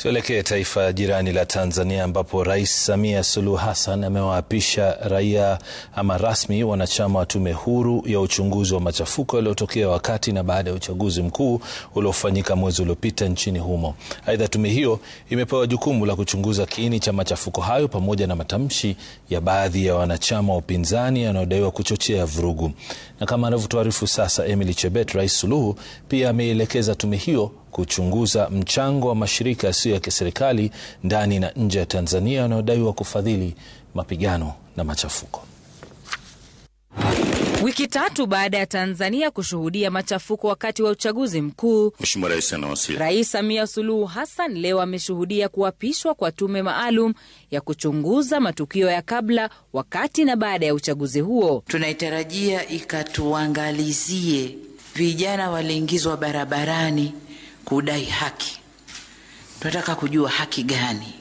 Tuelekee taifa jirani la Tanzania ambapo Rais Samia Suluhu Hassan amewaapisha raia ama rasmi wanachama wa tume huru ya uchunguzi wa machafuko yaliyotokea wakati na baada ya uchaguzi mkuu uliofanyika mwezi uliopita nchini humo. Aidha, tume hiyo imepewa jukumu la kuchunguza kiini cha machafuko hayo pamoja na matamshi ya baadhi ya wanachama wa upinzani yanayodaiwa kuchochea vurugu. Na kama anavyotuarifu sasa Emily Chebet, Rais Suluhu pia ameielekeza tume hiyo kuchunguza mchango wa mashirika yasiyo ya kiserikali ndani na nje ya Tanzania yanayodaiwa kufadhili mapigano na machafuko. Wiki tatu baada ya Tanzania kushuhudia machafuko wakati wa uchaguzi mkuu, Mheshimiwa Rais anawasili. Rais Samia Suluhu Hassan leo ameshuhudia kuapishwa kwa tume maalum ya kuchunguza matukio ya kabla, wakati na baada ya uchaguzi huo. Tunaitarajia ikatuangalizie vijana waliingizwa barabarani kudai haki. Tunataka kujua haki gani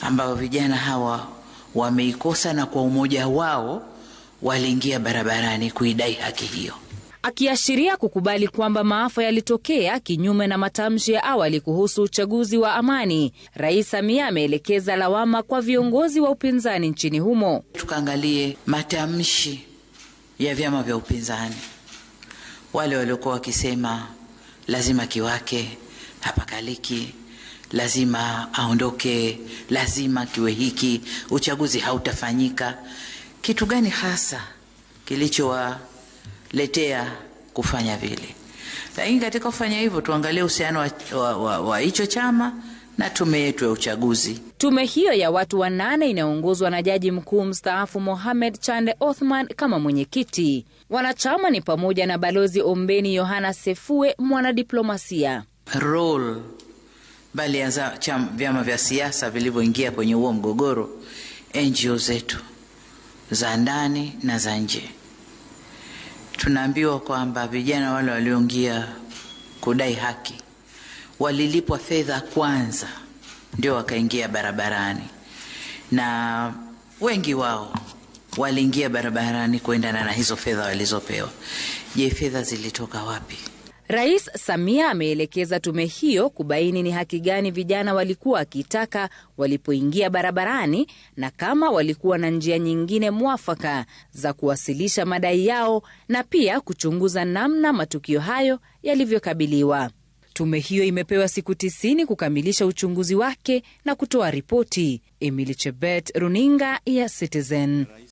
ambayo vijana hawa wameikosa na kwa umoja wao waliingia barabarani kuidai haki hiyo. Akiashiria kukubali kwamba maafa yalitokea kinyume na matamshi ya awali kuhusu uchaguzi wa amani, Rais Samia ameelekeza lawama kwa viongozi wa upinzani nchini humo. Tukaangalie matamshi ya vyama vya upinzani, wale waliokuwa wakisema lazima kiwake, hapakaliki, lazima aondoke, lazima kiwe hiki, uchaguzi hautafanyika. Kitu gani hasa kilichowaletea kufanya vile? Lakini katika kufanya hivyo tuangalie uhusiano wa hicho chama na tume yetu ya uchaguzi. Tume hiyo ya watu wanane inayoongozwa na jaji mkuu mstaafu Mohamed Chande Othman kama mwenyekiti. Wanachama ni pamoja na balozi Ombeni Yohana Sefue, mwanadiplomasia rol bali ya vyama vya siasa vilivyoingia kwenye huo mgogoro, NGO zetu za ndani na za nje. Tunaambiwa kwamba vijana wale walioingia kudai haki walilipwa fedha kwanza ndio wakaingia barabarani, na wengi wao waliingia barabarani kuendana na hizo fedha walizopewa. Je, fedha zilitoka wapi? Rais Samia ameelekeza tume hiyo kubaini ni haki gani vijana walikuwa wakitaka walipoingia barabarani na kama walikuwa na njia nyingine mwafaka za kuwasilisha madai yao na pia kuchunguza namna matukio hayo yalivyokabiliwa. Tume hiyo imepewa siku 90 kukamilisha uchunguzi wake na kutoa ripoti. Emily Chebet, runinga ya Citizen.